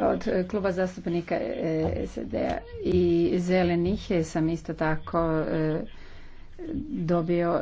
od kluba zastupnika e, SED-a i zelenih e, sam isto tako e, dobio